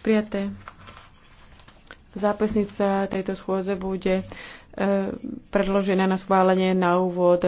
Prijaté. Zápisnica tejto schôze bude e, predložená na schválenie na úvod